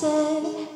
said